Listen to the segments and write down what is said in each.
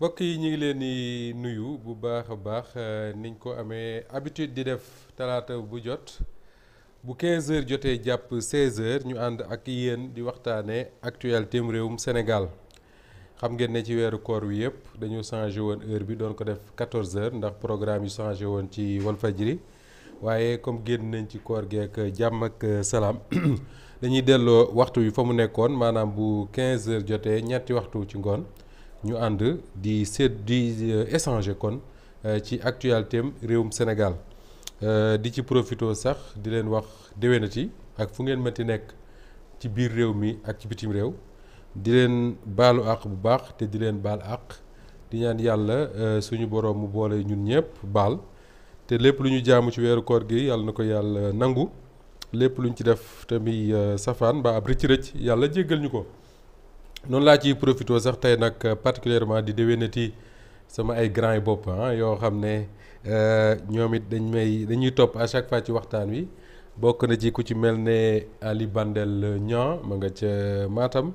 mbokk yi ñu ngi leen di nuyu bu baax a baax eh, niñ ko amee habitude di def talaata bu jot bu 15h jotee jàpp 16 ñu ànd ak yéen di waxtaanee actualité réewum Sénégal xam ngeen ne ci weeru koor wi yëpp dañu changé woon heure bi doon ko def 14 ndax programme yu changé woon ci Walfadjri waaye comme génn nañ ci koor geek jàmm ak eh, salaam dañuy delloo waxtu wi fa mu nekkoon maanaam bu 15h jotee ñetti waxtu ci ngoon. ñu ànd di seet di euh, échanger kon euh, ci actualité réewum Sénégal euh, di ci profito sax di leen wax déwénati ak fu ngeen mënti nekk ci biir réew mi ak ci bitim réew di leen baalu àq bu baax te di leen baal àq di ñaan yàlla suñu borom mu boole ñun ñëpp baal te lépp lu ñu jaamu ci weeru koor gi yàlla na ko yàlla nangu lépp lu ñu ci def tamit safaan mbaa ab rëcc rëcc yàlla jéggal ñu ko. noonu laa ciy profité sax tey nag particulièrement di déwénati sama ay grand yi bopp ah yoo xam ne euh, ñoom it dañ may dañuy topp à chaque fois ci waxtaan wi bokk na ci ku ci mel ne Ali Bandel Niang ma nga ca maatam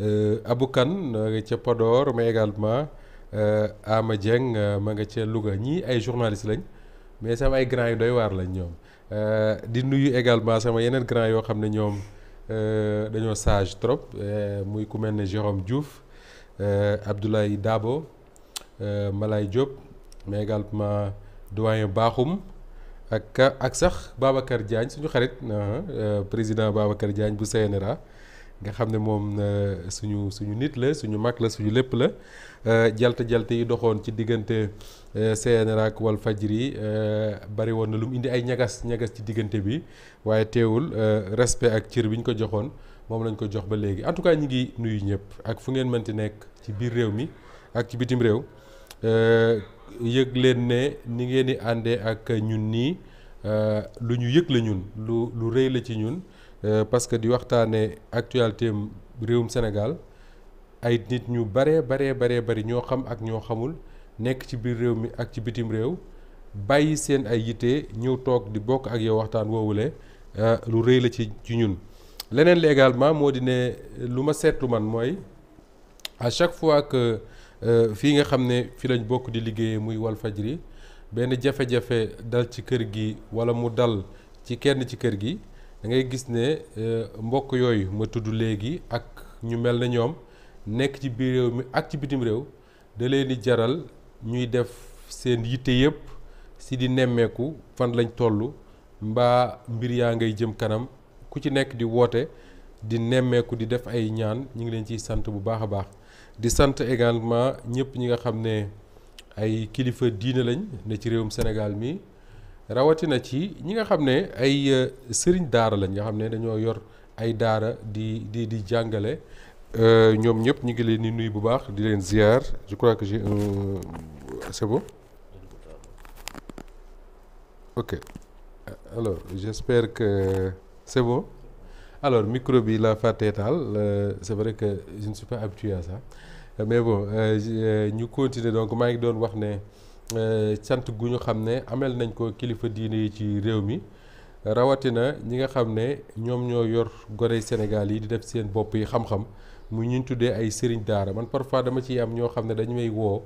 euh, Abou Kane ma nga ca Podor mais également euh, Ama Dieng ma nga ca Louga ñii ay journalistes lañ mais sama ay grand yu doy waar lañ ñoom di nuyu également sama yeneen grand yoo xam ne ñoom. Euh, dañoo sage trop euh, muy ku mel ne Jérôme Diouf euh, Abdoulaye Dabo Malaye Diop mais également doyen baaxum ak ak sax Babacar Diagne suñu xarit ah, président Babacar Diagne bu CNRA. nga xam ne moom euh, suñu suñu nit la suñu mag la suñu lépp la euh, jalte jalte yi doxoon ci diggante euh, CNRA ak Walfadjri bari woon na lu mu indi ay ñagas ñagas ci diggante bi waaye teewul respect ak ciir bi ñu ko joxoon moom lañ ko jox ba léegi en tout cas ñi ngi nuyu ñëpp ak fu ngeen mënti nekk ci biir réew mi ak ci bitim réew yëg leen ne ni ngeen di àndee ak ñun nii lu ñu yëg la ñun lu lu rëy la ci ñun. Euh, parce que di waxtaane actualité réewum Sénégal ay nit ñu baree baree baree bari ñoo xam ak ñoo xamul nekk ci biir réew mi ak ci bitim réew bàyyi seen ay yitte ñëw toog di bokk ak yow waxtaan woowule euh, lu rëy la ci ci ñun leneen li également moo di ne lu ma seetlu man mooy à chaque fois que euh, fii nga xam ne fi lañ bokk di liggéeye muy Walfadjri benn jafe-jafe dal ci kër gi walla mu dal ci kenn ci kër gi da ngay gis ne e, mbokk yooyu ma tudd léegi ak ñu mel na ñoom nekk ci biir réew mi ak ci bitim réew da leen di jaral ñuy def seen yitte yëpp si di nemmeeku fan lañ tollu mbaa mbir yaa ngay jëm kanam ku ci nekk di woote di nemmeeku di def ay ñaan ñu ngi leen ciy sant bu baax a baax di sant également ñëpp ñi nga xam ne ay kilifa diine lañ ne ci réewum Sénégal mi rawatina ci ñi nga xam ne ay euh, sëriñ daara lañ nga xam ne dañoo yor ay daara di di di jàngale euh, ñoom ñëpp ñu ngi leen ni nuyu bu baax di leen ziar je crois que j'ai euh, c'est bon ok alors j'espère que c'est bon alors micro la fàttee taal c'est vrai que je ne suis mais bon ñu continuer donc maa ngi doon wax ne Euh, cant gu ñu xam ne amel nañ ko kilifa diine yi ci réew mi rawatina ñi nga xam ne ñoom ñoo yor gore Sénégal yi di def seen bopp yi xam-xam mu ñu tuddee ay sëriñ daara man parfois dama ciy am ñoo xam ne dañu may woo.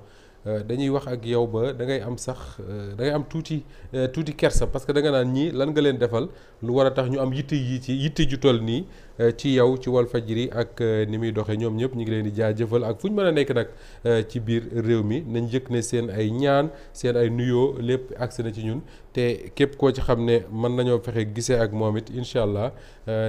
Euh, dañuy wax ak yow ba dangay am sax euh, da ngay am tuuti euh, tuuti kersa parce que da nga naan ñii lan nga leen defal lu war a tax ñu am yitte yi ci yitte ju toll nii ci yow ci Walfadjri ak ni muy doxee ñoom ñëpp ñu ngi leen di jaajëfal ak fu ñu mën a nekk nag ci biir réew mi nañ yëg ne seen ay ñaan seen ay nuyoo lépp agsi na ci ñun te képp koo ci xam ne mën nañoo fexe gisee ak moom it incha allah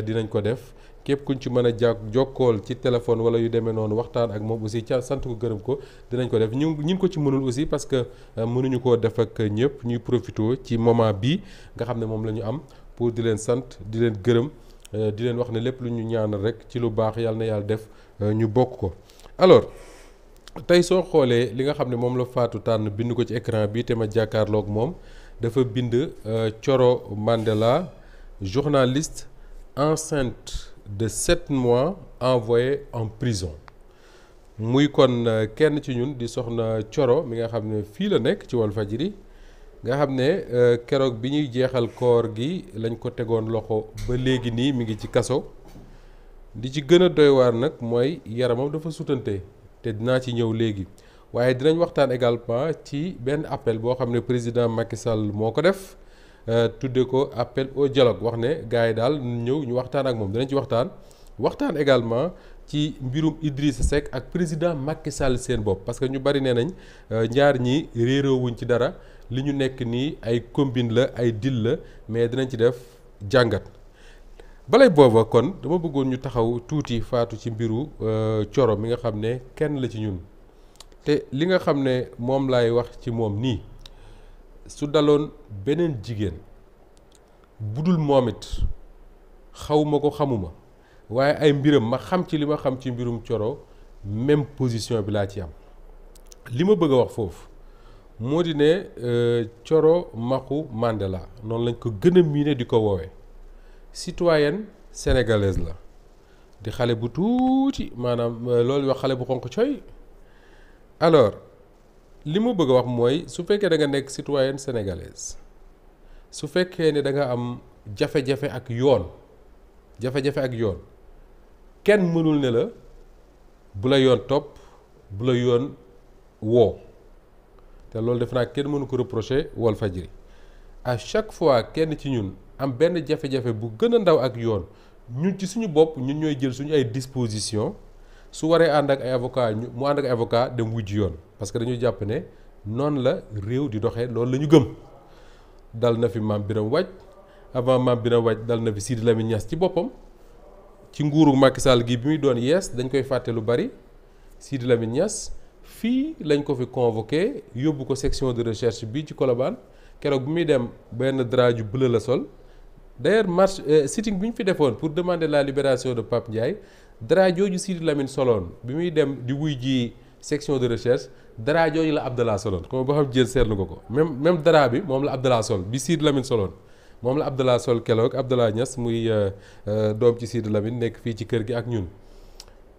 dinañ ko def. képp kuñ ci mën a jàkk jokkool ci téléphone wala yu demee noonu waxtaan ak moom aussi ca sant ko gërëm ko dinañ ko def ñu ñin ko ci mënul aussi parce que euh, mënuñu koo def ak ñëpp ñuy profité ci moment bii nga xam ne moom lañu am pour di leen sant di leen gërëm euh, di leen wax ne lépp lu ñu ñaanal rek ci lu baax yàlla na yàlla def euh, ñu bokk ko alors tey soo xoolee li nga xam ne moom la faatu tànn bind ko ci écran bi te ma jàkkaarloog moom dafa bind Coro Mandela journaliste enceinte de sept mois envoyé en prison muy kon euh, kenn ci ñun di soxna Coro mi nga xam ne fii la nekk ci Walfadjri nga xam ne euh, keroog bi ñuy jeexal koor gi lañ ko tegoon loxo ba léegi nii mi ngi ci kaso di ci gën a doy waar nag mooy yaramam dafa sutante te dinaa ci ñëw léegi waaye dinañ waxtaan également ci benn appel boo xam ne président Macky Sall moo ko def Euh, tudde ko appel au dialogue wax ne gars yi daal ñëw ñu waxtaan ak moom danañ ci waxtaan waxtaan également ci mbirum Idrissa Seck ak président Macky Sall seen bopp parce que ñu bari nee nañ euh, ñaar ñi réeroowuñ ci dara li ñu nekk nii ay combine la ay deal la mais dinañ ci def jàngat balay booba kon dama bëggoon ñu taxaw tuuti faatu ci mbiru Thioro euh, mi nga xam ne kenn la ci ñun te li nga xam ne moom lay wax ci moom nii su daloon beneen jigéen budul moom it xaw ma ko xamuma waaye ay mbiram ma xam ci li ma xam ci mbirum Coro même position bi laa ci am li ma bëgg a wax foofu moo di ne euh, Coro Maxu Mandela noonu lañ ko gëna a miine di ko woowee citoyenne sénégalaise la di xale bu tuuti maanaam euh, loolu wax xale bu xonq coy alors li ma bëgg a wax mooy su fekkee da nga nekk citoyenne sénégalaise su fekkee ne da nga am jafe-jafe ak yoon jafe-jafe ak yoon kenn mënul ne la bu la yoon topp bu la yoon woo te loolu def naa kenn mënu ko reprocher Walfadjri à chaque fois kenn ci ñun am benn jafe-jafe bu gën a ndaw ak yoon ñun ci suñu bopp ñun ñooy jël suñu ay disposition su waree ànd ak ay avocat mu ànd ak ay avocat dem wujj yoon parce que dañuy jàpp ne noonu la réew di doxee loolu la ñu gëm dal na fi maam Biram Waaj avant maam Biram Waaj dal na fi Sidi Lamine Niass ci boppam ci nguuru Macky Sall gi bi muy doon yees dañ koy fàtte lu bari Sidi Lamine Niass fii lañ ko fi convoqué yóbbu ko section de recherche bii ci Colobane keroog bi muy dem benn drap ju bleu la sol d'ailleurs marche euh, sitting bi ñu fi defoon pour demander la libération de Pape Ndiaye drap jooju Sidi Lamine soloon bi muy dem di wuy ji. section de recherche daraa jooju la Abdallah soloon comme ba xam jël seetlu ko ko même même dara bi moom la Abdallah sol bi Sidy Lamine soloon moom la Abdallah sol keroog Abdallah Niass muy euh, euh, doom ci Sidy Lamine nekk fii ci kër gi ak ñun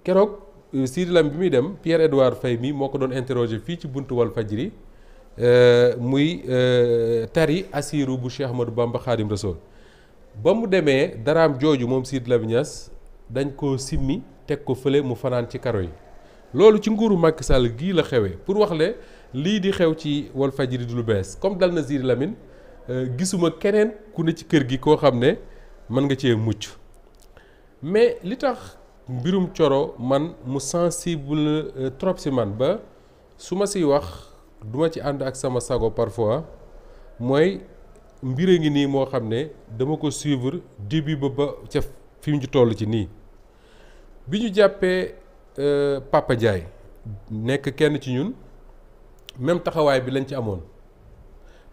keroog euh, Sidy Lamine bi muy dem Pierre Edouard Faye mi moo ko doon interroger fii ci buntu wal Walfadjri muy tari asiru bu Cheikh Ahmadou Bamba Khadim Rasoul ba mu demee daraam jooju moom Sidy Lamine ñas dañ ko simmi teg ko fële mu fanaan ci karo yi loolu ci nguuru Macky sàll gii la xewee pour wax le lii di xew ci Walfadjri di lu bees comme dal na Sidy Lamine euh, gisuma keneen ku ne ci kër gi koo xam ne mën nga cee mucc mais li tax mbirum coro man mu sensible euh, trop si man ba su ma siy wax duma ci ànd ak sama sago parfois mooy mbir a ngi nii moo xam ne dama ko suivre début ba ba ca fi mu toll ci nii bi ñu jàppee. Euh, Papa Ndiaye nekk kenn ci ñun même taxawaay bi lañ ci amoon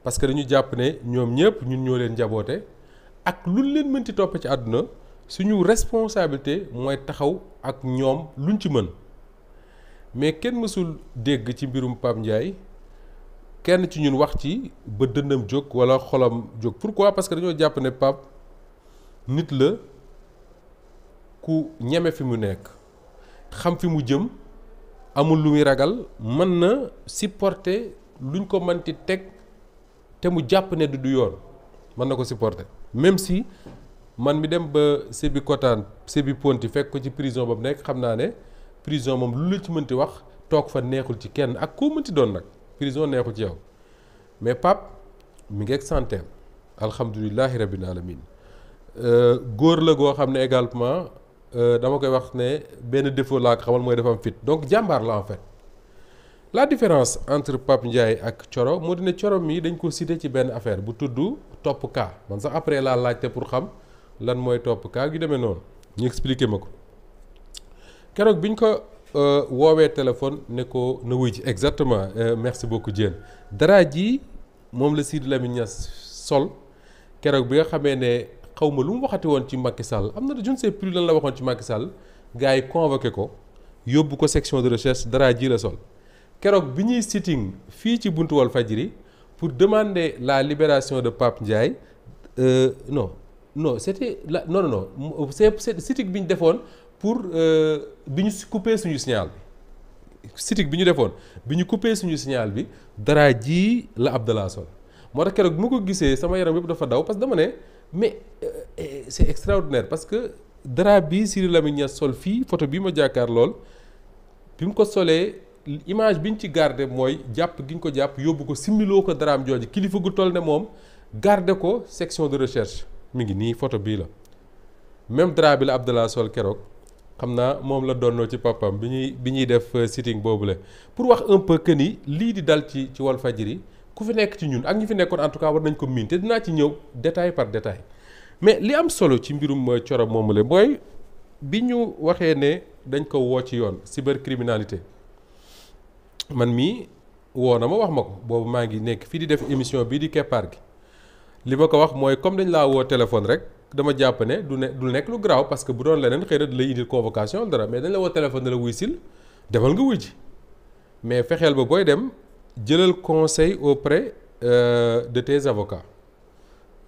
parce que dañu jàpp ne ñoom ñëpp ñun ñoo leen jaboote ak lu leen mënti topp ci àdduna suñu responsabilité mooy taxaw ak ñoom luñ ci mën mais kenn mësul dégg ci mbirum Pape njaay kenn ci ñun wax ci ba dëndam jóg wala xolam jóg pourquoi parce que dañoo jàpp ne Pape nit la ku ñeme fi mu nekk. xam fi mu jëm amul lu muy ragal mën na supporter luñ ko mënti teg te mu jàpp ne du du yoon mën na ko supporter même si man mi dem ba Sébi Kotaan Sébi Ponti fekk ko ci prison ba mu nekk xam naa ne prison moom lu la ci mënti wax toog fa neexul ci kenn ak koo mënti doon nag prison neexul ci yow mais Pape mu ngi ak santeem alhamdulilahi rabbil alamin euh, góor la goo xam ne également Euh, dama koy wax ne benn défaut laa ko xamal mooy dafa fit donc jàmbaar la en fait la différence entre Pape Ndiaye ak coro moo di ne coro mii dañ ko cité ci benn affaire bu tudd topp kaa man sax après laa laajte pour xam lan mooy topp kaa gi demee noonu ñu expliqué ma ko keroog bi biñ ko euh, woowee téléphone ne ko na wuy ji exactement euh, merci beaucoup Diène dara ji moom la Sidi Lamine Niass sol keroog bi nga xamee ne xaw ma lu mu waxati woon ci Macky Sall am na je ne sais plus lan la waxoon ci Macky Sall gars yi convoqué ko yóbbu ko section de recherche dara ji la sol keroog bi ñuy sitting fii ci buntu Walfadjri pour demander la libération de Pape Ndiaye euh, no no c'était la non non non bi ñu defoon pour euh, bi ñu coupé suñu signal bi sitting bi ñu defoon bi ñu coupé suñu signal bi dara ji la Abdallah sol moo tax keroog bu ma ko gisee sama yaram yëpp dafa daw parce que dama ne. mais euh, c'est extraordinaire parce que drap bi Sidy Lamine Niass sol fii photo bi ma jàkkaar lool bi mu ko solee image bi ñu ci garde mooy jàpp gi ñu ko jàpp yóbbu ko similoo ko daraam jooju kilifa gu toll ne moom garde ko section de recherche mi ngi nii photo bii la même drap bi la Abdallah sol keroog xam naa moom la donnoo ci papam bi ñuy bi ñuy def euh, sitting la pour wax un peu que ni lii di dal ci ci Walfadjri ku fi nekk ci ñun ak ñi fi nekkoon en tout cas war nañ ko miin te dinaa ci ñëw détail par détail mais li am solo ci mbirum Thioro euh, moomule mooy bi ñu waxee ne dañ ko woo ci yoon cybercriminalité man mii woo na ma wax ma ko boobu maa ngi nekk fii di def émission bii di keppaar gi li ma ko wax mooy comme dañ laa woo téléphone rek dama jàpp ne du ne du nekk lu garaaw parce que bu doon leneen xëy na du lay indil convocation dara mais dañ la woo téléphone da la wuy sil defal mais fexeel ba booy dem jëlal conseil au euh, de tes avocats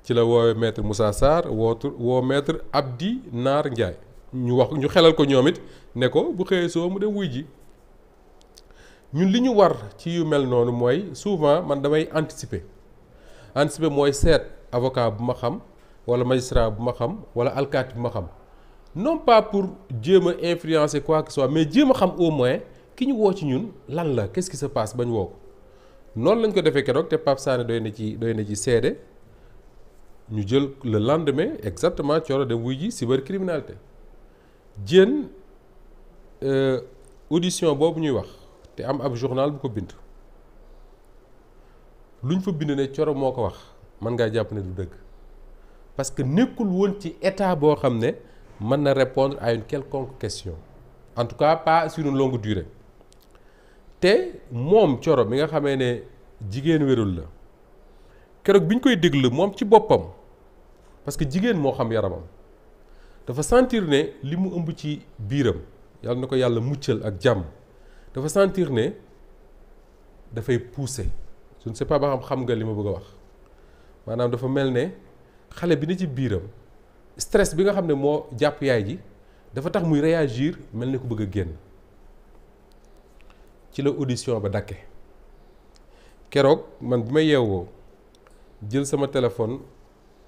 ci la woo maître Moussa Sarr wootu woo maître Abdi Naar Ndiaye ñu wax ñu xelal ko ñoom it ne ko bu xëyee soo mu dem wuy ji ñun li ñu war ci yu mel noonu mooy souvent man damay anticiper anticiper mooy seet avocat bu ma xam wala magistrat bu ma xam wala alkaati bu ma xam non pas pour jéem a influencer quoi que ce soit mais jéem a xam au moins ki ñu woo ci ñun lan la kes ce qui se passe bañ woo ko noonu lañ ko defee keroog te Pape Sané doy na ci doy na ci seede ñu jël le lendemain exactement Thioro dem wuy ji cybercriminalité jéen euh, audition boobu ñuy wax te am ab journal bu ko bind luñ fa bind ne coro moo ko wax mën ngaa jàpp ne du dëgg parce que nekkul woon ci état boo xam ne mën na répondre à une quelconque question en tout cas pas sur une longue durée te moom Coro bi nga xamee ne jigéen wérul la keroog bi ñu koy déglu moom ci boppam parce que jigéen moo xam yaramam dafa sentir ne li mu ëmb ci biiram yàlla na ko yàlla muccal ak jàmm dafa sentir ne dafay pousser je ne ba xam nga li ma bëgg a wax maanaam dafa mel ne xale bi ni ci biiram stress bi nga xam ne moo jàpp yaay ji dafa tax muy réagir mel ni ku bëgg a génn. ci la audition ba dakke keroog man bi ma yeewoo jël sama téléphone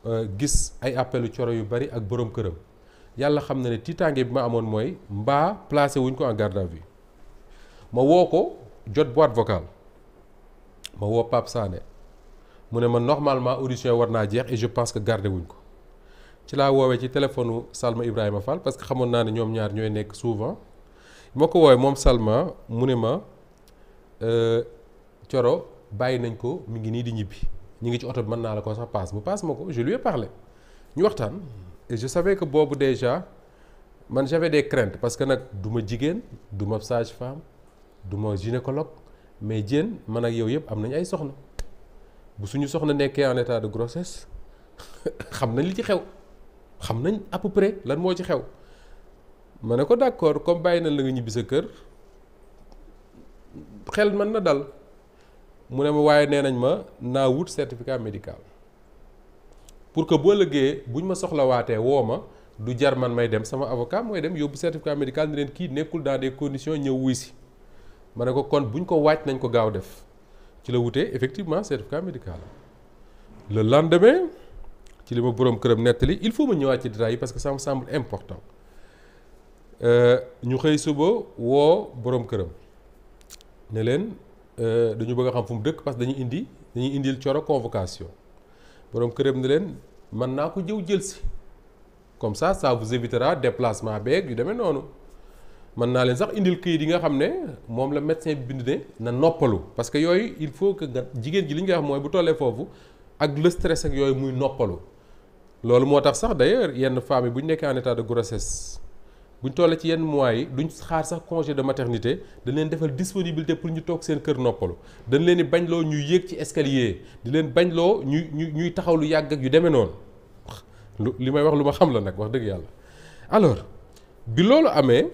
euh, gis ay appelu coro yu bari ak boroom këram yàlla xam na ne tiitaange bi ma amoon mooy mbaa placé wuñ ko en garde à ma woo ko jot boîte vocale ma woo Pape Sané mu ne ma normalement audition war naa jeex et je pense que gardé wuñ ko ci laa woowee ci téléphone Salma Ibrahima fal parce que xamoon naa ne ñoom ñaar ñooy nekk souvent moo ko woowee moom Salma mu ne ma. Euh, Coro bàyyi nañ ko mu ngi nii di ñibbi ñu ngi ci oto mën naa la ko sax paas bu paas ma ko je lui ai parlé ñu waxtaan et je savais que boobu déjà man j'avais des craintes parce que nag du ma jigéen du ma sage-femme du ma gynécologue mais jéen mën ak yow yëpp am nañ ay soxna bu suñu soxna nekkee en état de grossesse xam nañ li ci xew xam nañ à près lan moo ci xew ma ne ko d'accord comme bàyyi nañ la nga ñibbi sa kër. xel man na dal mu ne ma waaye nee nañ ma naa wut certificat médical pour que boo lëggee buñ ma soxlawaatee woo ma du jar man may dem sama avocat mooy dem yóbbu certificat médical ni leen kii nekkul dans des conditions ñëw wuy si ma ne ko kon buñ ko wàcc nañ ko gaaw def ci la wutee effectivement certificat médical le lendemain ci li ma boroom këram nettali il faut ma ñëwaat ci détails yi parce que ça me semble important euh, ñu xëy suba woo boroom këram ne leen euh, dañu bëgg a xam fu mu dëkk parce que dañuy indi dañuy indil coro convocation borom këram ne leen mën naa ko jëw jël si comme ça ça vous évitera déplacement beeg yu demee noonu mën naa leen sax indil këyit yi nga xam ne moom la médecin bi bind ne na noppalu parce que yooyu il faut que nga jigéen ji li ñu koy wax mooy bu tollee foofu ak le stress ak yooyu muy noppalu loolu moo tax sax d'ailleurs yenn femmes yi bu ñu nekkee en état de grossesse. bu ñu tollee ci yenn mois yi duñ xaar sax congé de maternité dañ leen defal disponibilité pour ñu toog seen kër noppalu dañ leen di bañloo ñuy yéeg ci escalier di leen bañloo ñuy ñu ñuy taxaw lu yàgg ak yu demee noonu li may wax lu ma xam la nag wax dëgg yàlla. alors bi loolu amee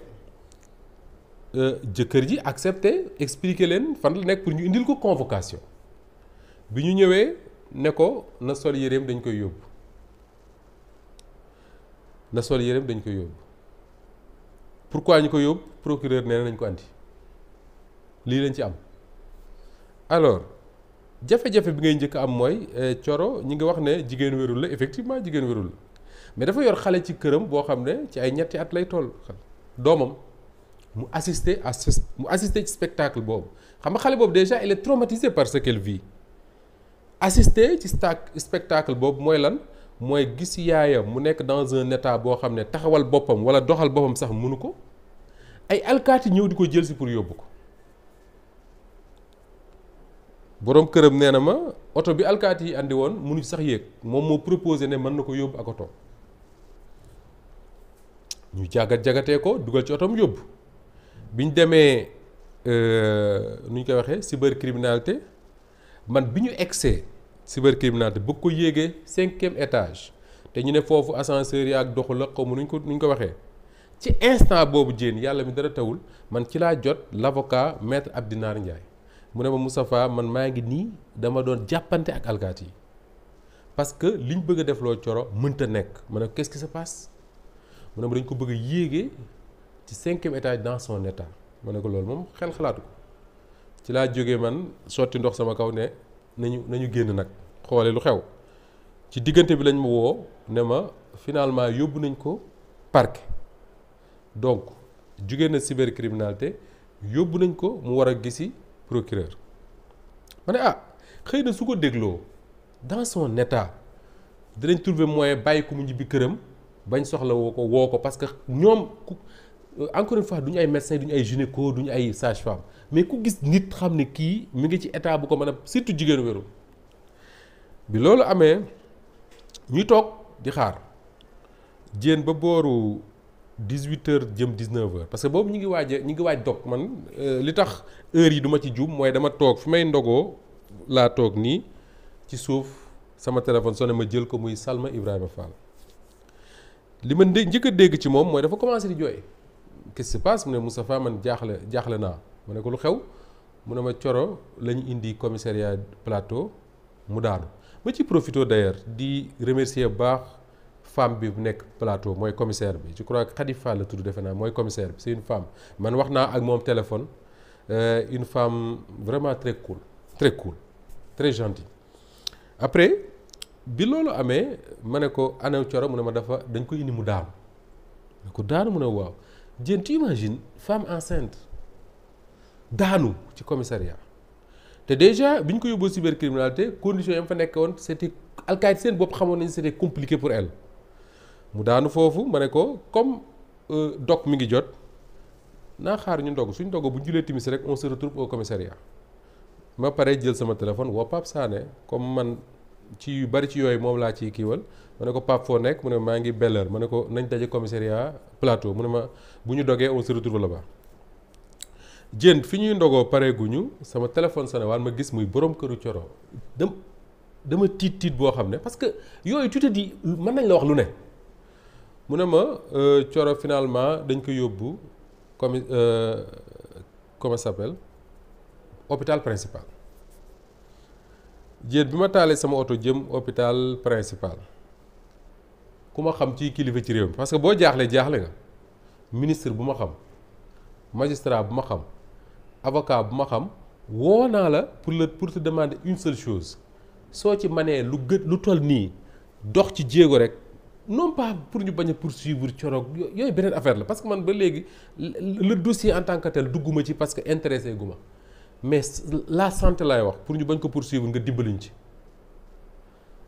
euh, jëkkër ji accepté expliqué leen fan la nekk pour ñu indil ko convocation bi ñu ñëwee ne ko na sol yéreem dañ koy yóbbu na sol yéreem dañ koy yóbbu. pourquoi ñu ko yóbbu procureur nee nañ ko andi lii lañ ci am alors jafe-jafe bi ngay njëkk am mooy eh, Coro ñi ngi wax ne jigéen wérul la effectivement jigéen wérul la mais dafa yor xale ci këram boo xam ne ci ay ñetti at lay tool doomam mu assister à mu assister ci spectacle boobu xam nga xale boobu déjà il est traumatisé par ce qu'elle vit assister ci spectacle boobu mooy lan. mooy gis yaayam mu nekk dans un état boo xam ne taxawal boppam wala doxal boppam sax munu ko ay alkaati ñëw di ko jël si pour yóbbu ko boroom këram nee na ma oto bi alkaati yi àndi woon mënu sax yéeg moom moo proposé ne mën na ko yóbbu ak oto ñu jàggat jagatee ko dugal ci otom yóbbu biñ demee euh, nu ñu koy waxee cybercriminalité man bi ñu egsee cybercriminalité bëgg ko yéegee cinquième étage te ñu ne foofu ascenseur yi ak doxu la xaw ma nuñ ko nuñ ko waxee ci instant boobu jéen yàlla mi dara tawul man ci laa jot l' avocat maître Abdinaar Ndiaye mu ne ma Moustapha man maa ngi nii dama doon jàppante ak alkaati yi parce que liñ bëgg a def loo coro mënta nekk ma ne qu'est-ce qui se passe mu ne ma dañ ko bëgg yéege ci cinquième étage dans son état ma ne ko loolu moom xel xalaatu ko ci laa jóge man sotti ndox sama kaw ne. nañu nañu génn nag xoole lu xew ci diggante bi lañ ma woo ne ma finalement yóbbu nañ ko parquet donc jugee na cybercriminalité yóbbu nañ ko mu war a gisi procureur ma ne ah xëy na su ko dégloo dans son état dinañ trouver moyen bàyyi ko mu ñibbi këram bañ soxla woo ko woo ko parce que ñoom euh, encore une fois duñu ay médecin duñu ay gynéco duñu ay sage-femme mais ku gis nit xam ne kii mu ngi ci état bu ko man a surtout jigéen wérul bi loolu amee ñu toog di xaar jéen ba booru dix huit heures jëm dix neuf heures parce que boobu ñu ngi waaj ñu ngi waaj dog man euh, li tax heures yi duma ci juum mooy dama toog fi may ndogoo laa toog nii ci suuf sama téléphone sonné ma jël ko muy Salma Ibrahima Fall li ma njëkk dégg ci moom mooy dafa commencé di jooy qu'est-ce qui mu ne Moustapha man jaaxle jaaxle naa. ma ne ko lu xew mu ne ma coro lañu indi commissariat plateau mu daanu ma ci profité d'ailleurs di remercier baax femme bi bu nekk plateau mooy commissaire bi je crois que fa la tudd defe naa mooy commissaire bi c'est une femme man wax naa ak moom téléphone euh, une femme vraiment très cool très cool très gentille après bi loolu amee ma ne ko ana coro mu ne ma dafa dañ ko indi mu daanu ne ko daanu mu ne waaw jéen tu imagines femme enceinte daanu ci commissariat te déjà bi ñu ko yóbboo cybercriminalité condition yam fa nekk woon c'était alkaid seen bopp xamoon nañu c'était compliqué pour elle mu daanu foofu ma ne ko comme euh, dog mi ngi jot naa xaar ñu ndog suñ ndog bu julee timis rek on se retrouve au commissariat ma pare jël sama téléphone woo Pape saane comme man ci yu bari ci yooyu moom laa ciy kiiwal ma ne ko pap foo nekk mu ne maa ngi Bel ma ne ko nañ daje commissariat plateau mu ne ma bu ñu dogee on se Diène fi ñuy ndogoo pareeguñu sama téléphone sonné waan ma gis muy borom këru coro dem dama tiit tiit boo xam ne parce que yooyu tu di dis mën nañ la wax lu ne mu ne ma euh, coro finalement dañ ko yóbbu comme euh, comment ça s'appelle hôpital principal Diène bi ma taalee sama oto jëm hôpital principal ku ma xam ci kilifa ci réew mi parce que boo jaaxlee jaaxle nga ministre bu ma xam magistrat bu ma xam avocat bu ma xam woo naa la pour le pour te demander une seule chose soo ci manee lu gë lu toll nii dox ci jéego rek non pour ñu bañ a poursuivre coroog yooyu beneen affaire la parce que man ba léegi le dossier en tant que dugguma ci parce que intéressé mais la sante laay wax pour ñu bañ ko pour poursuivre nga dimbaliñ ci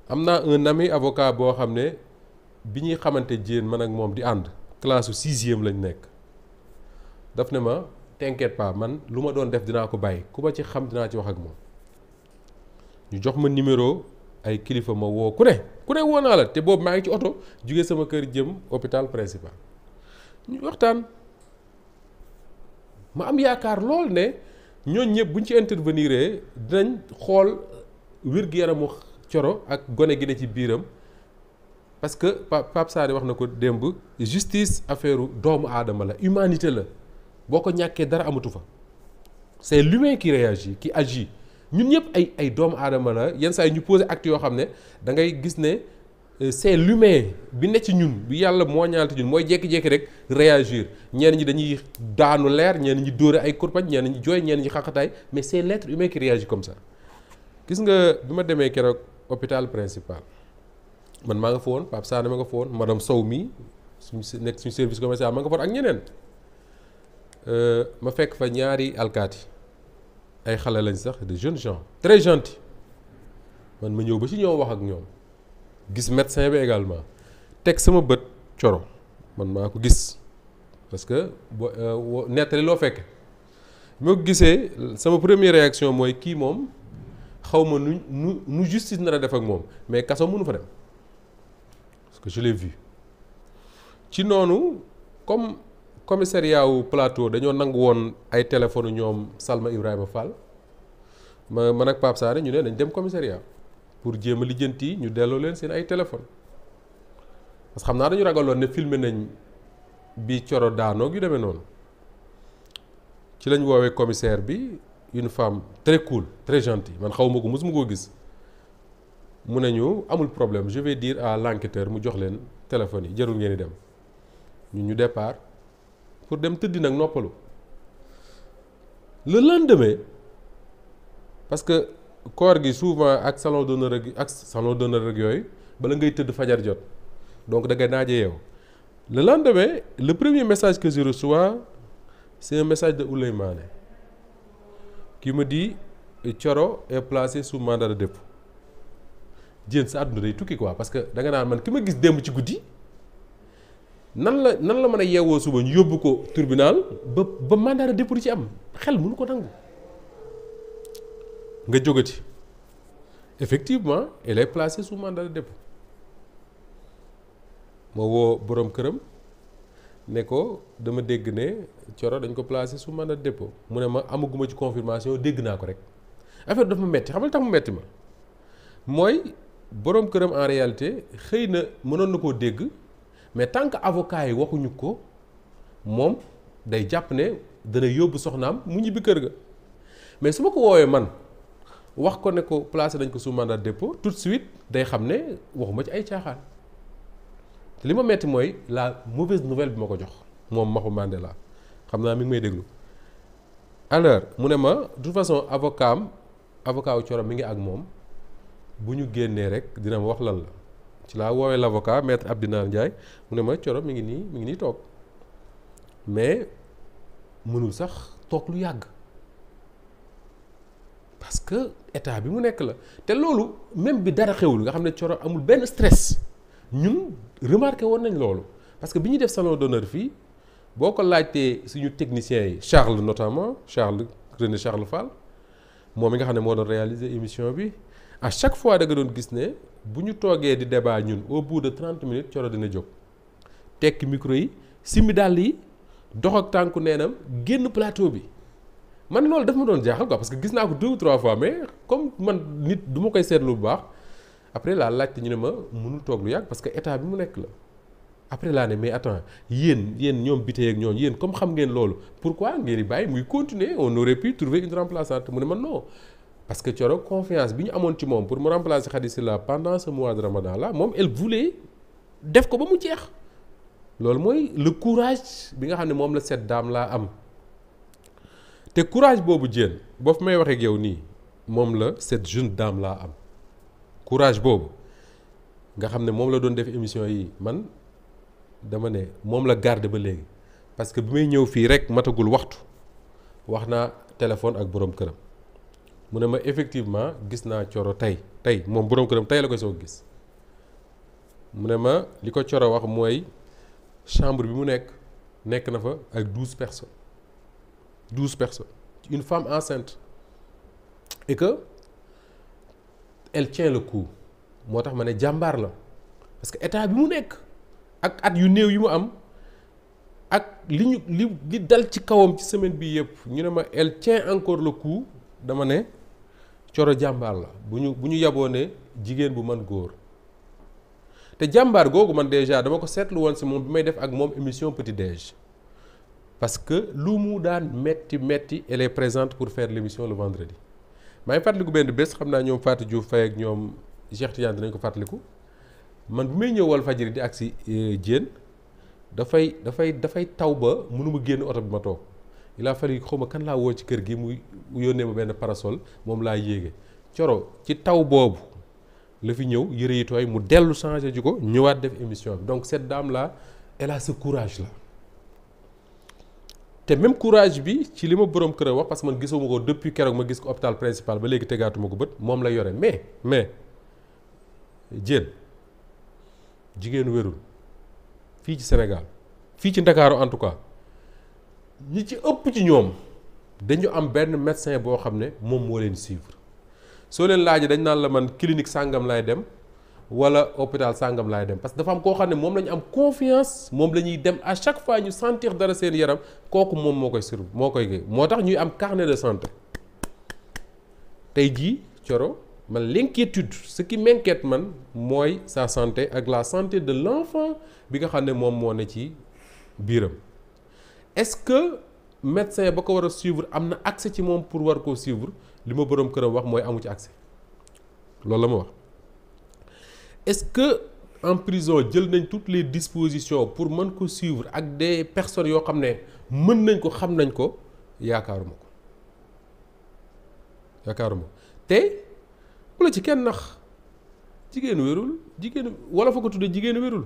am naa un ami avocat boo xam ne bi ñuy xamante jéen man ak moom di ànd classe su sixième lañ nekk daf ne ma t'inquiète pas man lu ma doon def dinaa ko bàyyi ku ma ci xam dinaa ci wax ak moom ñu jox ma numéro ay kilifa ma woo ku ne ku ne woo naa la te boobu maa ngi ci oto jóge sama kër jëm hôpital principal ñu waxtaan ma am yaakaar lool ne ñooñ ñëpp buñ ci intervenir dinañ xool wér-gu-yaramu coro ak gone gi ne ci biiram parce que Pape Sané wax na ko démb justice affaire doomu aadama la humanité la boo ko ñàkkee dara amatu fa c'est l'humain ki réagi qui agit ñun ñëpp ay ay doomu aadama la yenn saa yi ñu posé acte yoo xam ne da ngay gis ne euh, c'est l'humain bi ne ci ñun bi yàlla moo ñaante ñun mooy jékki-jékki rek réagir ñeen ñi dañuy daanu leer ñeen ñi dóore ay kurpañ ñenn ñi jooy ñeen ñi xaqataay mais c'est l'être humain qui réagit comme sax gis nga bi ma demee keroog hôpital principal man maa nga fa woon Pape Sané ma nga fa woon madame Sow mii suñu nekk suñu service commercial ma nga fa ak ñeneen Euh, ma fekk fa ñaari alkaati ay xale lañ sax de jeunes gens très gentils man ma ñëw ba ci ñoom wax ak ñoom gis médecin bi également teg sama bët coro man maa ko gis parce que boo euh, nettali loo fekk moo gisee sama première réaction mooy kii moom xaw ma nu nu nu justice na a def ak moom mais kaso mënu fa dem parce que je l'ai vu ci noonu comme commissariat wu plateau dañoo nangu woon ay téléphone ñoom Salma Ibrahima Fall ma man ak Pape Sané ñu ne nañ dem commissariat pour jéem a lijjanti ñu delloo leen seen ay téléphone parce xam naa dañu ragaloon ne filmé nañ bi coro daanoog yu demee noonu ci lañ woowee commissaire bi une femme très cool très gentille man xaw ma ko mosuma koo gis mu ne ñu amul problème je vais dire à l'enquêteur mu jox leen téléphone yi jarul ngeen di dem ñun ñu départ. pour dem tëddi nag noppalu le lendemain parce que koor gi souvent ak salon d'honneur ak ak salon d'honneur ak yooyu bala ngay tëdd fajar jot donc da ngay naaje yow le lendemain le premier message que je reçois c'est message de Ouleymane qui me dit Thioro est placé sous mandat de dépôt jéen sa àdduna day tukki quoi parce que da nga naan man ki ma gis démb ci guddi. nan la nan la mën a yeewoo suba ñu yóbbu ko tribunal ba ba mandat de dépôt ci am xel mënu ko nangu nga jógati effectivement elle est placée sous mandat de dépôt ma woo borom këram ne ko dama dégg ne coro dañ ko placé su mandat de dépôt mu ne ma amaguma ci confirmation dégg naa ko rek affaire dafa ma metti xam nga tax mu metti ma mooy borom këram en réalité xëy na mënoon na koo dégg. mais tant que avocat yi waxuñu ko moom day jàpp ne dana yóbbu soxnaam mu ñibbi kër ga mais su ma ko woowee man wax ko ne ko placé nañ ko sous mandat de dépôt tout suite day xam ne waxuma ci ay caaxaan te li ma metti mooy la mauvaise nouvelle bi ma ko jox moom Maxu Mandela xam naa mi ngi may déglu alors mu ne ma de toute façon avocat am avocat wu corom mi ngi ak moom bu ñu génnee rek dina ma wax lan la. ci laa woowee l' avocat maître Abdinar Ndiaye mu ne ma Thioro mi ngi nii mi ngi nii toog mais mënul sax toog lu yàgg parce que état bi mu nekk la te loolu même bi dara xewul nga xam ne coro amul benn stress ñun remarqué woon nañ loolu parce que bi ñuy def salon d'honneur fii boo ko laajtee suñu techniciens yi Charles notamment Charles René Charles Fall moom mi nga xam ne moo doon réaliser émission bi à chaque fois da doon gis ne bu ñu toogee di débat ñun au bout de trente minutes Coro dina jóg tekki micro yi simi dàll yi dox ak tànku neenam génn plateau bi man loolu daf ma doon jaaxal quoi parce que gis naa ko deux ou trois fois mais comme man nit du koy seetlu bu baax après laa laajte ñu ne ma mënul toog lu yàgg parce que état bi mu nekk la après laa ne mais attends yéen yéen ñoom bitee ak ñooñu yéen comme xam ngeen loolu pourquoi ngeen di bàyyi muy continuer on aurait mu ne man non parce que Thioro confiance bi ñu amoon ci moom pour mu remplacer Khady Sylla pendant ce mois de ramadan là moom elle voulait def ko ba mu jeex loolu mooy le courage bi nga xam ne moom la cette dame laa am te courage boobu jéen boo may waxee ak nii moom la cette jeune dame laa am courage boobu nga xam ne moom la doon def émission yi man dama ne moom la garde ba léegi parce que bi may ñëw fii rek matagul waxtu wax naa téléphone ak boroom këram. mu ne ma effectivement gis naa coro tey tey moom borom këram tey la koy soo gis mu ne ma li ko coro wax mooy chambre bi mu nekk nekk na fa ak douze personnes douze personnes une femme enceinte et que elle tient le coup moo tax ma ne jàmbaar la parce que état bi mu nekk ak at yu néew yi mu am ak li ñu li li dal ci kawam ci semaine bi yëpp ñu ne ma elle tient encore le coup dama ne. coro jàmbaar la bu ñu bu ñu yaboo ne jigéen bu man góor te jàmbaar googu man déjà dama ko seetlu woon si moom bi may def ak moom émission petit déj parce que lu mu daan metti metti elle est présente pour faire l'émission le vendredi maa ngi fàttaliku benn bés xam naa ñoom Fatou Diouf fay ak ñoom Cheikh Tidiane dinañ ko fàttaliku man bi may ñëw Walfadjri di ak si euh, Diène dafay dafay dafay taw ba mënuma génn oto bi ma toog il a yi xaw ma kan laa woo ci kër gi mu yónnee ma benn parasol moom laa yéege coro ci taw boobu la fi ñëw yëre yi tooy mu dellu changé ji ko ñëwaat def émission bi donc cette dame là elle courage là te même courage bi ci li ma borom kër wax parce que man gisuma ko depuis keroog ma gis ko hôpital principal ba léegi tegaatuma ko bët moom la yore mais mais jéen jigéenu wérul fii ci Sénégal fii ci Ndakaaru en tout cas ñi ci ëpp ci ñoom dañu am benn médecin boo xam ne moom moo leen suivre soo leen laajee dañu naan la man clinique sàngam laay dem wala hôpital sàngam laay dem parce que dafa am koo xam ne moom lañu ñu am confiance moom la ñuy dem à chaque fois ñu sentir dara seen yaram kooku moom moo koy sur moo koy gé moo tax ñuy am carnet de santé tey jii coro man l'inquiétude ce qui m'inquiète man mooy sa santé ak la santé de l'enfant bi nga xam ne moom moo ne ci biiram est-ce que médecin ba ko war a suivre am na accès ci moom pour war koo suivre li ma boroom këram wax mooy amu ci accès loolu la ma wax est-ce que en prison jël nañ toutes les dispositions pour mën ko suivre ak des personnes yoo xam ne mën nañ ko xam nañ ko yaakaaruma ko yaakaaruma te bu la ci kenn nax jigéen wérul jigéen wala fa ko tuddee jigéen wérul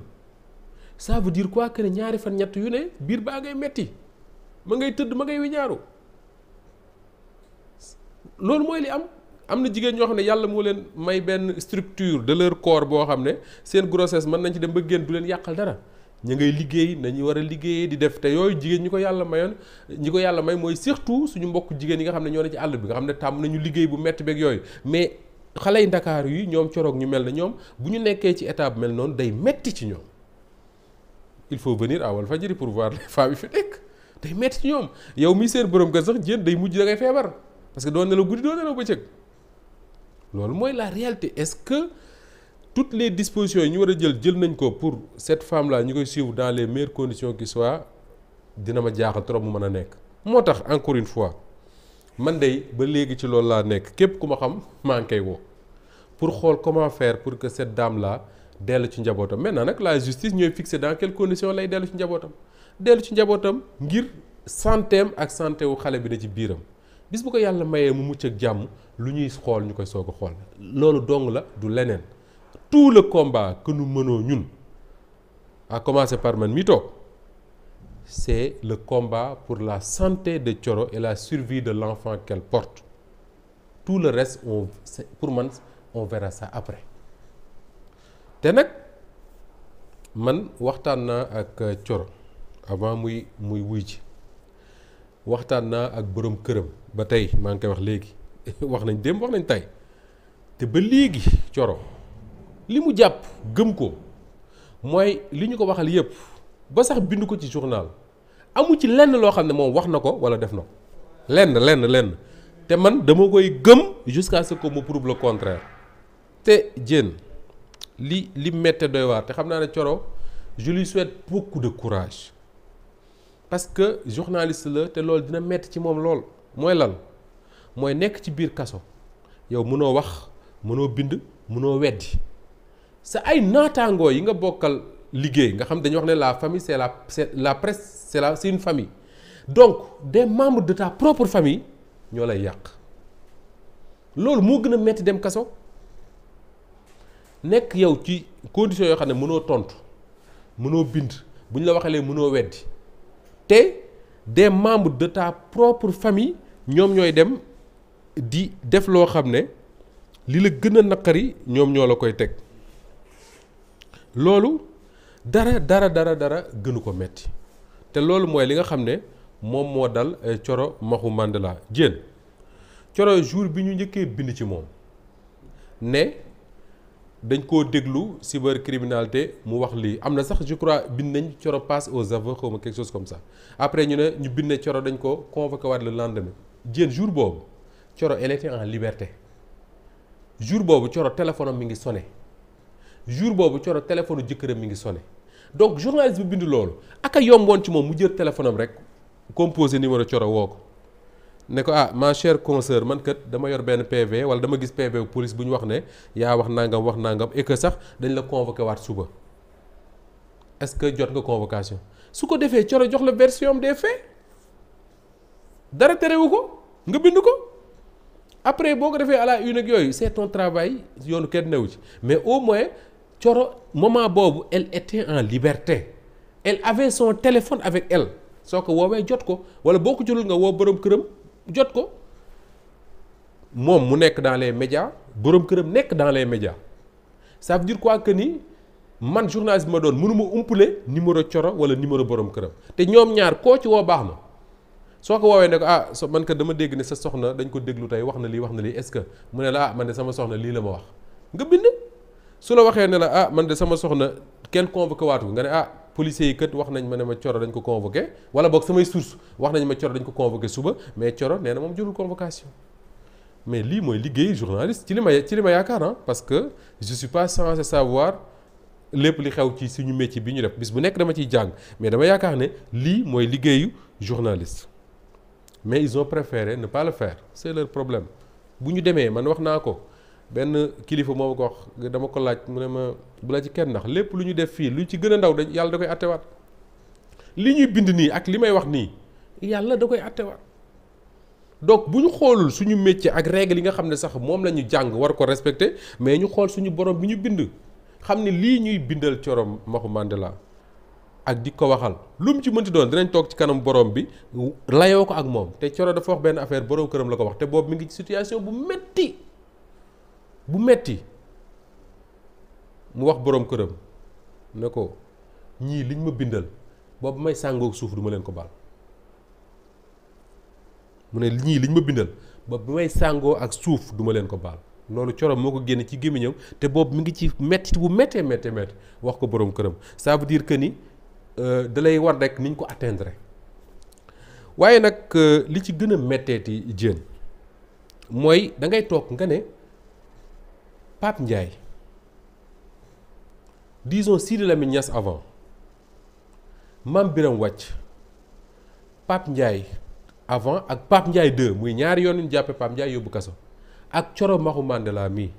ça veut dire quoi que ne ñaari fan ñett yu ne biir baa ngay metti ma ngay tëdd ma ngay wiñaaru loolu mooy li am am na jigéen ñoo xam ne yàlla moo leen may benn structure de leur corps boo xam ne seen grossesse mën nañ ci dem ba génn du leen yàqal dara ñu ngay liggéey nañu war a liggéey di def te yooyu jigéen ñi ko yàlla mayoon ñi ko yàlla may mooy surtout suñu mbokk jigéen yi nga xam ne ñoo ne ci àll bi nga xam ne tàmm nañu liggéey bu metti beeg yooyu mais xale yi ndakaar yi ñoom coroog ñu mel na ñoom bu ñu nekkee ci état bu mel noonu day metti ci ñoom il faut venir à Walfadjri pour voir yi fi nekk day metti ci ñoom yow mi seen borom kër sax jéen day mujj da ngay feebar parce que doo nelaw guddi doo nelaw bëccëg loolu mooy la réalité est-ce que toutes les dispositions yi ñu war a jël jël nañ ko pour cette femme là ñu koy suivre dans les meilleures conditions qui soient dina ma jaaxal trop mu mën a nekk. moo tax encore une fois man dey ba léegi ci loolu laa nekk képp ku ma xam maa ngi koy woo pour xool comment faire pour que cette dame là dellu ci njabootam maintenant nag la justice ñooy fixer lay dellu ci njabootam. dellu ci njabootam ngir santeem ak santé wu xale bi na ci biiram bis bu ko yàlla mayee mu mucc ak jàmm lu ñuy xool ñu koy soog xool loolu dong la du leneen tout le combat que nous menons ñun à commencer par man mi toog c'est le combat pour la santé de coro et la survie de l'enfant qu'elle porte tout le reste on pour man on verra ça après te nag man waxtaan naa ak coro avant muy muy wuy ji waxtaan na ak boroom këram ba tey maa ngi koy wax léegi wax nañ démb wax nañ tey te ba léegi coro li mu jàpp gëm ko mooy li ñu ko waxal yépp ba sax bind ko ci journal amu ci lenn loo xam ne moom wax na ko walla def na ko lenn lenn lenn te man dama koy gëm jusqu'à ce qu'on me prouve contraire te Diène li li mette doy waar te xam naa ne coro je lui souhaite beaucoup de courage parce que journaliste la te loolu dina metti ci moom lool mooy lan mooy nekk ci biir kaso yow mënoo wax mënoo bind mënoo weddi sa ay naataangoo yi nga bokkal liggéey nga xam dañuy wax ne la famille c'est la c'est la presse c'est la c'est une famille donc des membres de ta propre famille ñoo lay yàq loolu moo gën a metti dem kaso nekk yow ci conditions yoo xam ne mënoo tontu mënoo bind bu ñu la waxalee mënoo weddi te des membres de ta propre famille ñoom ñooy dem di def loo xam ne li la gën a naqari ñoom ñoo la koy teg loolu dara dara dara dara gënu ko metti te loolu mooy li nga xam ne moom moo dal eh, Coro Maxu Mandela Diène Coro jour bi ñu njëkkee bind ci moom ne dañ ko déglu cybercriminalité mu wax lii am na sax je crois bind nañ coro passe au aveux xaw ma quelque chose comme ça après ñu ne ñu bind Thioro dañ ko convoqué waat le lendemain jéen jour boobu coro elle était liberté jour boobu Thioro téléphone am mi ngi sone jour boobu Thioro téléphone jëkkëram mi ngi sonné donc journaliste bi bind loolu aka yomboon ci moom mu jël téléphone am rek composé numéro coro woo ko ne ko ah ma chère consoeur man kat dama yor benn PV wala dama gis PV police bu ñu wax ne yaa wax nangam wax nangam et que sax dañ la convoqué waat suba est que jot nga convocation su ko defee coro jox la version des faits dara terewu ko nga bind ko après boo ko defee à la yooyu c'est ton travail yoonu kenn newu ci mais au moins coro moment boobu elle était en liberté elle avait son téléphone avec elle soo ko woowee jot ko wala boo ko jëlul nga woo borom këram. jot ko moom mu nekk dans les médias boroom këram nekk dans les médias ça veut dire que ni man journaliste ma doon mënuma umpule numéro coro wala numéro boroom këram te ñoom ñaar koo ci woo baax na soo ko woowee ne ko ah so man ko dama dégg ne sa soxna dañ ko déglu tey wax na lii wax na lii est-ce que mu ne la ah man de sama soxna lii la ma wax nga bind su la waxee ne la ah man de sama soxna kenn convoqué waatu nga ne ah policiers yi kat wax nañ ma ne ma coro dañ ko convoqué wala boog samay source wax nañ ma Thioro dañ ko convoqué suba mais Thioro nee na moom jurul convocation mais lii mooy liggéey journaliste ci li ma ci li yaakaar ah parce que je suis pas censé savoir lépp li xew ci suñu métier bi ñu def bis bu nekk dama ciy jàng mais dama yaakaar ne lii mooy liggéeyu journaliste mais ils ont préféré ne pas le faire c'est leur problème bu ñu demee man wax naa ko benn kilifa moo ma ko wax dama ko laaj mu ne ma bu la ci kenn ndax lépp lu ñu def fii lu ci gën a ndaw dañ yàlla da koy attewaat li ñuy bind nii ak li may wax nii yàlla da koy attewaat donc bu ñu xoolul suñu métier ak règle li nga xam ne sax moom la ñu jàng war ko respecté mais ñu xool suñu borom bi ñu bind xam ne lii ñuy bindal corom Maxu Mandela ak di ko waxal lu mu ci mënti doon dinañ toog ci kanam borom bi layoo ko ak moom te coro dafa wax benn affaire këram la ko wax te boobu mi ngi ci situation bu metti bu metti mu wax boroom këram ne ko ñii liñ ma bindal boobu may sàngoo suuf duma leen ko baal mu ne ñii liñ ma bindal boobu may sàngoo ak suuf duma leen ko baal loolu corom moo ko génne ci gémmiñam te boobu mi ngi ci metti bu méttee méttee métti wax ko boroom këram ça veut dire que ni euh, da lay war rekk niñ ko atteindre waaye nag euh, li ci gën a métteeti jéen mooy dangay toog nga ne Pape Ndiaye disons Sidi Lamine Niass avant Mame Birame Wathie Pape Ndiaye avant ak Pape Ndiaye 2 muy ñaari yoon yu ñu jàppee Pape Ndiaye yóbbu kaso ak Coro Maxu Mandela mii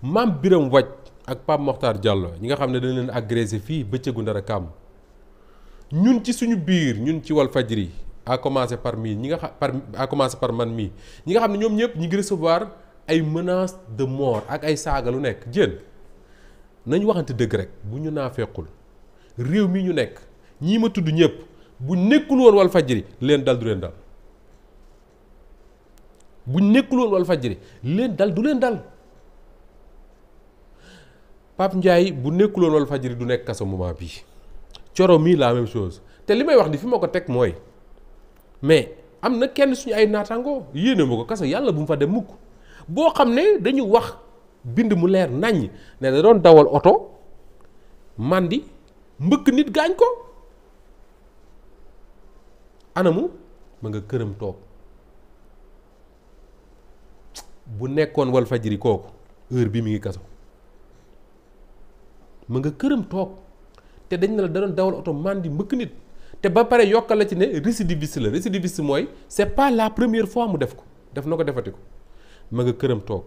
maam biram Wathie ak Pape Mokhtar Diallo ñi nga xam ne dañ leen agressé fii bëccëgu ndara kàmm ñun ci suñu biir ñun ci Walfadjri à commencer par mii ñi nga xam par à commencer par man mii ñi nga xam ne ñoom ñëpp ñi ngi recevoir. ay menace de mort ak ay saaga lu nekk jën nañu waxante dëgg rek bu ñu naa fekkul réew mi ñu nekk ñii ma tudd ñëpp bu nekkul woon wal fajiri leen dal du leen dal bu nekkul wal fajiri leen dal du leen dal Pape Ndiaye bu nekkul woon wal fajiri du nekk kaso moment bii coro mii la même chose te li may wax ni fi ma ko teg mooy mais am na kenn suñu ay naataangoo yéene ma ko kaso yàlla bu mu fa dem mukk boo xam ne dañu wax bind mu leer naññ ne da doon dawal oto màndi mbëkk nit gaañ ko anamu ma nga këram toog bu nekkoon wal fajiri kooku heure bi mi ngi kaso ma nga këram toog te dañ ne da doon dawal oto màndi mbëkk nit te ba pare yokkal la ci ne récidiviste la récidiviste mooy c'est la première fois mu def ko def na ko defati ko ma nga këram toog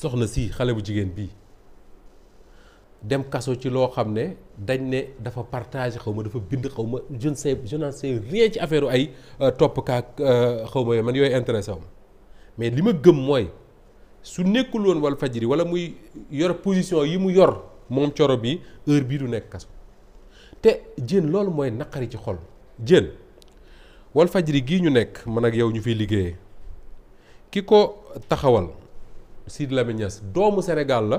soxna si xale bu jigéen bii dem kaso ci loo xam ne dañ ne dafa partagé xaw ma dafa bind xaw ma je ne sais je n'en ci affaire ay euh, topp kaak euh, xawma ma yooyu man yooyu intéressé wu mais li ma gëm mooy su nekkul woon wal fajiri wala muy yor position yi mu yor moom coro bi heure bii du nekk kaso te jën loolu mooy naqari ci xol jën wal fajiri gii ñu nekk mën ak yow ñu fiy liggéeye ki ko taxawal Sidy Lamine Niass doomu Sénégal la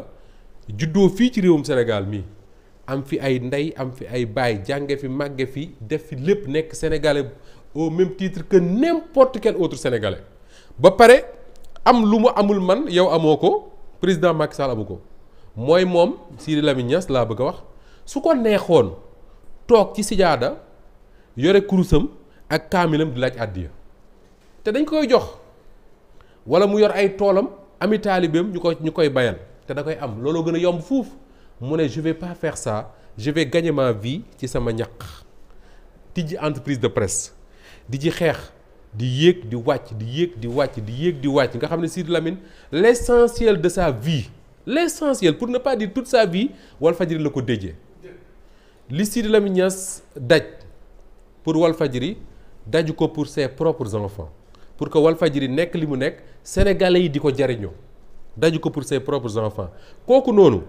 juddoo fii ci réewum Sénégal mii am fi ay ndey am fi ay baay jànge fi màgge fi def fi lépp nekk sénégalais au même titre que n'importe quel autre sénégalais ba pare am lu mu amul man yow amoo ko président Macky Sall amu ko mooy moom Sidy Lamine Niass laa bëgg a wax su ko neexoon toog ci sijaada yore kurusam ak kaamilam di laaj àddiya te dañ koy jox wala mu yor ay toolam ami taalibeem ñu ko ñu koy bayal te da koy am looloo gën a yomb fuuf mu ne je par pas saa ça gagnement vais vie ci sama ñaq tijji entreprise de presse di ci xeex di yéeg di wàcc di yéeg di wàcc di yéeg di wàcc nga xam ne Sidy Lamine l'essentiel de sa vie l'essentiel pour ne pas dire toute sa vie Walfadjri la ko déjee li Sidy Lamine daj pour Walfadjri daj ko pour ses propres enfants pour que Walfadjri nekk li mu nekk sénégalais yi di ko jariñoo daju ko pour ses propres enfants kooku noonu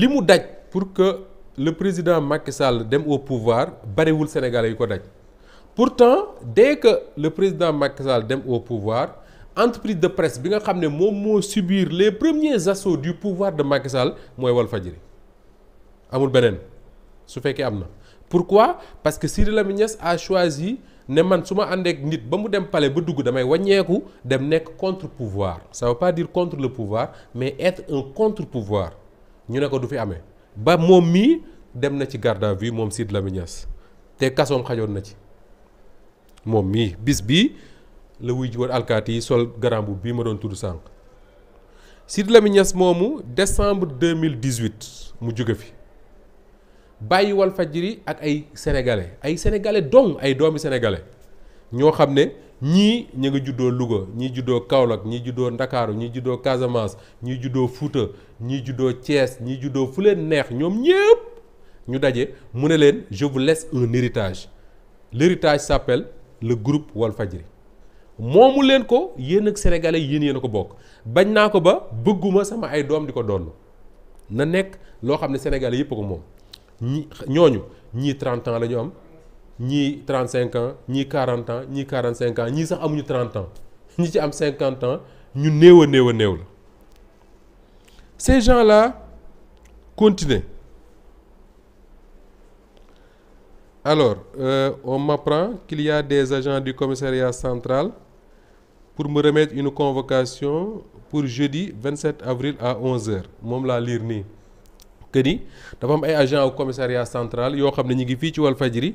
li mu daj pour que le président Macky Sall dem au pouvoir bariwul sénégalais yi ko daj pourtant dès que le président Macky dem au pouvoir entreprise de presse bi nga xam ne moom moo subir les premiers assauts du pouvoir de Macky Sall mooy Walfadjri amul beneen su fekkee am na pourquoi parce que Cyril a choisi ne man su ma àndeek nit ba mu dem pale ba dugg damay wàññeeku dem nekk contre pouvoir ça veut pas dire contre le pouvoir mais être un contre pouvoir ñu ne ko du fi amee ba moom mii dem na ci garde à moom Sidy Lamine Niass te kasoom xajoon na ci moom mii bis bii la wuy ji woon alkaati sol garambu bii ma doon tudd sànq moomu Lamine Niass mille décembre 2018 mu jóge fi bàyyi Walfadjri ak ay sénégalais ay sénégalais dong ay doomi sénégalais ñoo xam ne ñii ñu ngi juddoo Louga ñii juddoo Kaolack ñii juddoo Ndakaaru ñii juddoo Casamance ñii juddoo Fouta ñii juddoo Thiès ñii juddoo fu leen neex ñoom ñëpp ñu daje mu ne leen je vous laisse un héritage l'héritage s'appelle le groupe Walfadjri moomu leen ko yéen ak sénégalais yéen yéen a ko bokk bañ naa ko ba bëgguma sama ay doom di ko doon na nekk loo xam ne sénégalais yëpp ko moom. ñi ñooñu ñii 30 ans la ñu am ñii 35 ans ñii 40 ans ñii 45 ans ñii sax amuñu 30 ans ñi ci am cinquante ans ñu néew a néew a néew la ces gens la continuent alors euh, on m'apprend qu'il y des agents du commissariat central pour me remettre une convocation pour jeudi 27 avril à 11h moom laa liir nii. que ni dafa am ay agent au commissariat central yoo xam ne ñu ngi fii ci Walfadjri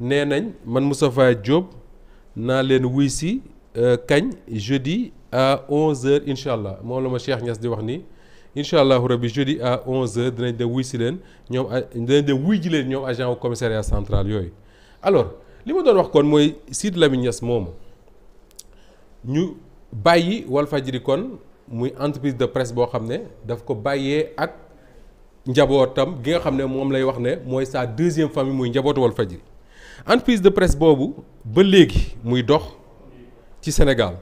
nee nañ man Moustapha Diop naa leen wuy si euh, kañ jeudi à 11h incha allah moom la ma Cheikh Niass di wax nii incha allahu rabi jeudi à 11 dinañ dem wuy si leen ñoom dinañ dem wuy ji leen ñoom agent au commissariat central yooyu. alors li ma doon wax kon mooy Sidy mi Niass moomu ñu bàyyi Walfadjri kon muy entreprise de presse boo xam ne daf ko bàyyee ak. njabootam gi nga xam ne moom lay wax ne mooy sa deuxième famille muy njabootu Walfadjri entreprise de presse boobu ba léegi muy dox ci Sénégal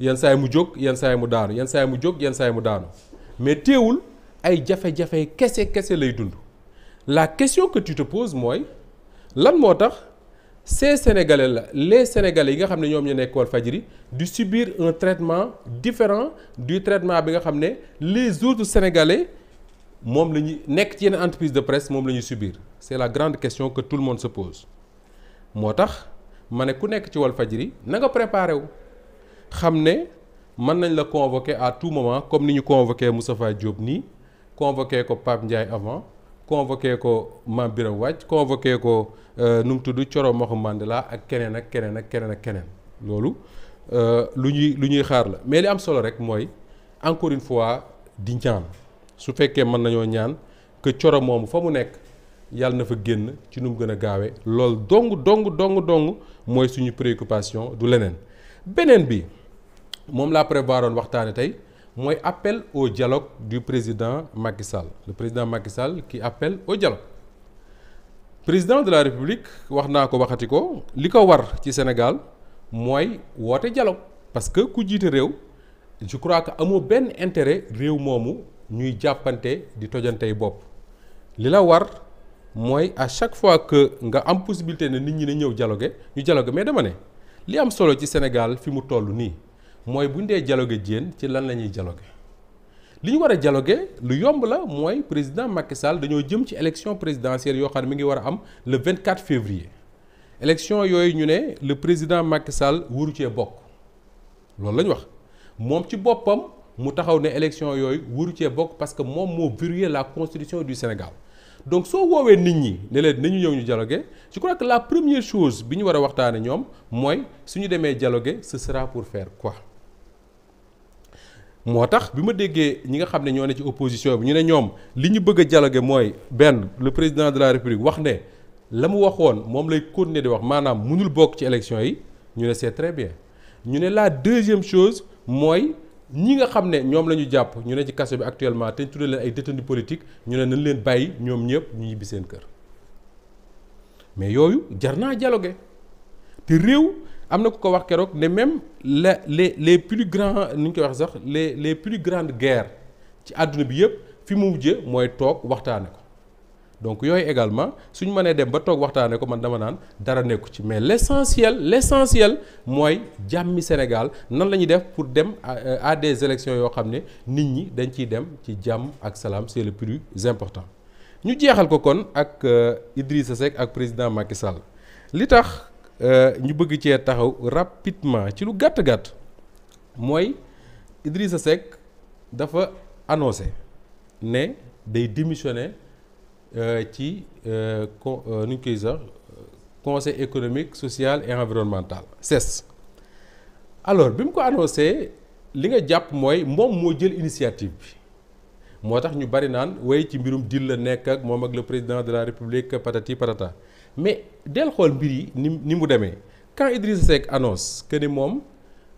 yenn saa yi mu jóg yenn saa mu daanu yenn saa mu jóg yenn saa mu daanu mais teewul ay jafe-jafe kese kese lay dund la question que tu te mooy lan moo tax ces sénégalais la les sénégalais yi nga xam ne ñoom ñu nekk Walfadjri di subir un traitement différent du traitement bi nga xam ne les autres sénégalais. moom la ñuy nekk ci yenn entreprise de presse moom la ñuy subir c'est la grande question que tout le monde se pose moo tax ma ne ku nekk ci Walfadjri na nga préparé wu xam ne mën nañ la convoquer à tout moment comme ni ñu convoqué Moustapha Diop nii convoqué ko Pape Ndiaye avant convoqué ko Mame Birame Wàdd convoqué ko euh, nu mu tudd coro Mokho Mandela ak keneen ak keneen ak keneen ak keneen loolu euh, lu ñuy lu ñuy xaar la mais li am solo rek mooy encore une fois di ñaan su fekkee mën nañoo ñaan que coro moomu fa mu nekk yàlla na fa génn ci nu mu gën a gaawee loolu dong dong dong dong mooy suñu préoccupation du leneen beneen bi moom laa prévoiroon waxtaane tey mooy appel au dialogue du président Macky Sall président Macky Sall qui appelle au dialogue président de la République wax naa ko waxati ko li ko war ci Sénégal mooy woote dialogue parce que ku jiite réew je crois que amoo benn intérêt réew moomu ñuy jàppante di tojantey bopp li la war mooy a chaque fois que nga am possibilité ne nit ñi ne ñëw jaloge ñu dialogué mais dama ne li am solo ci Sénégal fi mu toll nii mooy bu ñu dee jaloge jéen ci lan la ñuy dialogué li ñu war a dialogué lu yomb la mooy président Macky Sall dañoo jëm ci élection présidentielle yoo xam ne mi ngi war a am le 24 février élection yooyu ñu ne le président Macky Sall waru cee bokk loolu lañu wax moom ci boppam. mu taxaw ne élection yooyu waru cee bokk parce que moom moo verrouillé la constitution du Sénégal donc soo woowee nit ñi ne leen nañu ñëw ñu jaloge ci crois que la première chose bi ñu war a waxtaane ñoom mooy suñu demee jaloge ce sera pour faire quoi moo tax bi ma déggee ñi nga xam ne ñoo ne ci opposition bi ñu ne ñoom li ñu bëgg a dialoguer mooy benn le président de la république wax ne la mu waxoon moom lay continuer di wax maanaam mënul bokk ci élection yi ñu ne très bien ñu ne la deuxième chose mooy ñi nga xam ne ñoom la ñu jàpp ñu ne ci kaso bi actuellement te ñu tuddee ay détenus politiques ñu ne nañ leen bàyyi ñoom ñëpp ñu ñibbi seen kër mais yooyu jar naa dialoguer te réew am na ku ko wax keroog ne même le les les plus grands nu ñu koy wax sax les les plus grande guerres ci àdduna bi yëpp fi mu mujjee mooy toog waxtaane ko. donc yooyu également suñu mënee dem ba toog waxtaanee ko man dama naan dara nekku ci mais l' essentiel l' essentiel mooy jàmmi Sénégal nan la ñuy def pour dem euh, à des élections yoo xam ne nit ñi dañ ciy dem ci jàmm ak salaam c' est le plus important. ñu jeexal ko kon ak euh, Idrissa Seck ak président Macky Sall li tax euh, ñu bëgg cee taxaw rapidement ci lu gàtt gàtt mooy Idrissa Seck dafa annoncé ne day démissionner. Euh, ci euh, con euh, nu ñu conseil économique social et environnemental CES. alors bi mu ko annoncé li nga jàpp mooy moom moo jël initiative bi moo tax ñu bari naan way ci mbirum dil la nekk ak moom ak le président de la république patati patata mais del xool mbir yi ni mu demee quand Idrissa Seck annonce que ni moom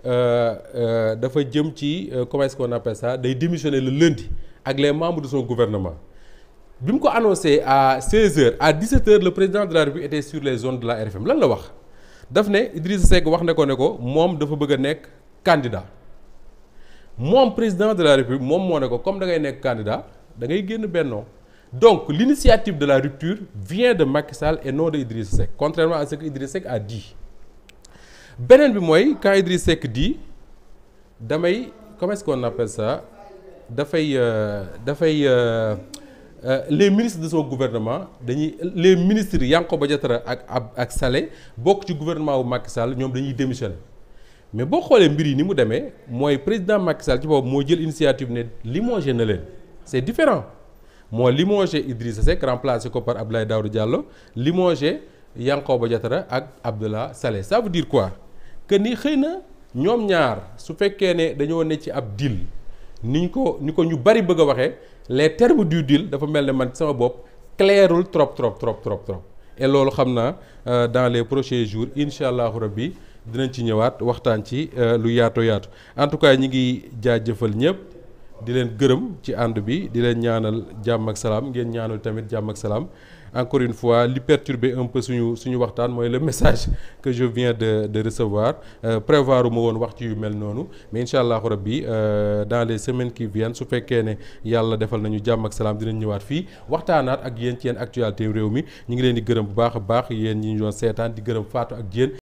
dafa jëm ci comment est-ce qu'on appelle ça day démissionner le lundi ak les membres de son gouvernement. bi mu ko annoncé à 16h à 17h le président de la République était sur les zones de la RFM lan la wax daf ne Idrissa Seck wax ne ko ne ko moom dafa bëgg a nekk candidat moom président de la République moom moo ne ko comme dangay nekk candidat dangay génn bennoo donc l'initiative de la rupture vient de Macky Sall et non de Idrissa Seck contrairement à ce que Idrissa Seck a dit beneen bi mooy quand Idrissa Seck dit damay comment est-ce ça dafay euh, dafay. Euh, Euh, les ministres de son gouvernement dañuy les ministres ba Diattara ak ab ak Salé bokk ci gouvernement bu Macky Sall ñoom dañuy démissionné mais boo xoolee mbir yi ni mu demee mooy président Macky Sall ci boobu moo jël initiative ne limogé na leen c'est différent moo limogé Idrissa Seck remplacé ko par Abdoulaye Daouda Diallo limogé ba Diattara ak Abdallah Salé ça veut dire quoi que ni xëy na ñoom ñaar su fekkee ne dañoo ne ci ab deal ni ñu ko ni ko ñu bari bëgg a waxee les termes du deal dafa mel ne man sama bopp clairul trop trop trop trop trop et loolu xam naa euh, dans les prochet jours incha allahu rabbi dinañ ci ñëwaat waxtaan ci euh, lu yaato yaatu en tout cas ñi ngi jaajëfal ñëpp di leen gërëm ci ànd bi di leen ñaanal jàmm ak salaam ngeen ñaanal tamit jàmm ak salaam encore une fois li perturber un peu suñu suñu waxtaan mooy le message que je viens de de recevoir euh, prévoir uma woon wax ci yu mel noonu mais incha allahu rabbi euh, dans les semaine qui viennent su fekkee ne yàlla defal nañu jàmm ak salaam dinañ ñëwaat fii waxtaanaat ak yéen ci yéen actualité réew mi ñu ngi leen di gërëm bu baax a baax yéen ñi ñu doon seetaan di gërëm Fatou ak Diène